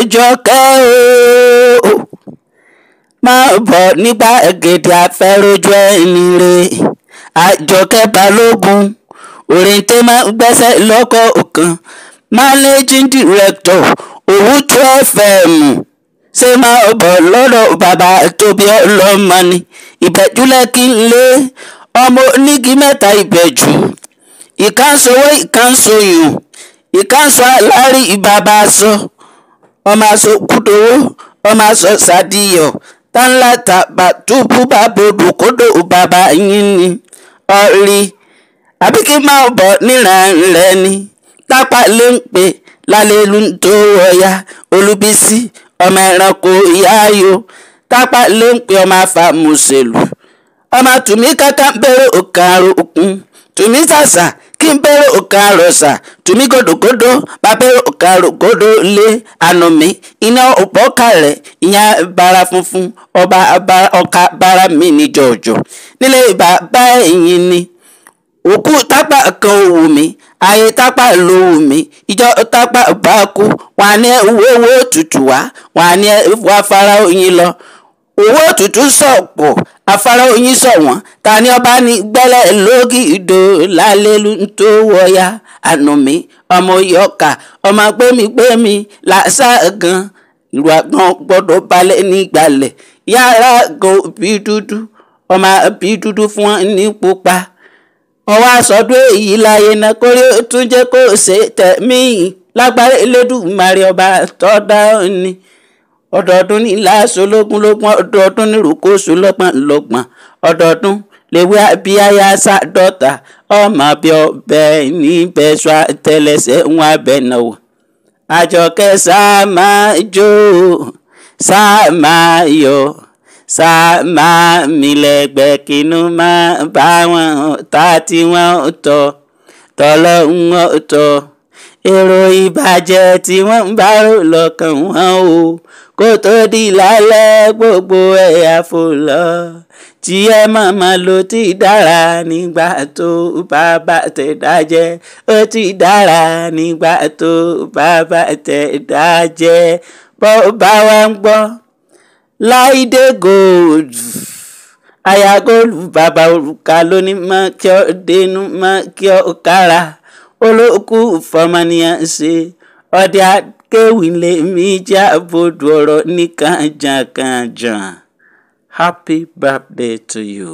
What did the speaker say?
ìjọkẹ́ o máa bọ̀ ní gbàgede afẹ́rójú ẹni re àjọkẹ́ balógun òrìǹté máa ń gbẹ́sẹ̀ lọ́kọ̀ ọ̀kan managing director òwú twelve fm ṣé máa bọ̀ lọ́dọ̀ bàbá tóbi ọlọ́mọ ni ìbẹ̀júlẹ̀ kí n lé ọmọ onígi mẹ́ta ìbẹ̀jú ìkànsówó ìkànsoyùn ìkànsó alárí ìbàbà sọ. So ọmọ asokúdowó ọmọ asọ̀sádìyọ̀ tánláta bàtúbù bàbòdù kódò bàbá yín ni ọ̀rì àbí kí n máa bọ̀ níranlẹ̀ ni tápá lè ń pè lálẹ́lu tó wọ̀ya olúbísí ọmọ ẹranko ìyáàyò tápá lè ń pè ọmọ afàmùsèlú ọmọ tùmí kankan bẹ̀rẹ̀ òkàrò òkun tùmí sàṣà kimbere okarosa tumigodogodo babere okarogodo lé anomi iná òpó kàrẹ̀ ìyẹn bara funfun ọba ọkà bara mi ní jọ̀jọ̀ nílé bàbá ẹ̀yìn ni òkú tápà kan ò wù mí ayé tápà ló wù mí ìjọ tápà bá kú wà ní ewéwé tutù wa wà ní wà fara oyin lọ. owó òtútù sọ̀pọ̀ afárá oyin sọ̀wọ́n ta ni ọba ní gbẹ́lẹ̀ lókìdó lálẹ́lu tó wọ̀ya ànàmí ọmọ yọkà ọmọ gbẹ́mígbẹ́mí làṣàgàn ìlú àgbọn gbọ́dọ̀ balẹ̀ nígbàlẹ̀ yàrá gan bí dúdú ọmọ bí dúdú fún wọn ní pupa ọwọ́ àsọdún èyí láyé náà kórè tún jẹ́ kó ṣe tẹ̀mí lágbára elédùnmarè ọba tọ́dá ni ọdọọdún ní láàṣọ lógún lógún ọdọọdún ní rúkóṣù lọ́gbọ̀n lọ́gbọ̀n ọdọọdún lèwe abiyaya sa dọ́ta ọmọ abẹ́ ọbẹ̀ níbẹ̀ sọ àtẹlẹsẹ̀ ń wá bẹ̀ náà wò. àjọkẹ́ sáà máa jó sáà máa yọ̀ sá máa bá wọn ta tí wọ́n tọ́ tọ́lọ́ ń tọ́ èrò ìbàjẹ́ tí wọ́n ń bá rò lọ́kàn wọn o kó tó di lálẹ́ gbogbo ẹ̀yà fò lọ tí ẹ màmá ló ti dára nígbà tó bá bá tẹ̀ dájẹ́ ó ti dára nígbà tó bá bá tẹ̀ dájẹ́ bọ́ bá wa ń gbọ́ láìdé gòòdù aya góòlù bàbá òrùka lóní kí ọ dénú mọ́ kí ọ kára olókù fọmọnìyàn ṣe ọdẹ akéwìlẹ mi já bodò ọ̀rọ̀ ní kànjàkànjà happy birthday to you.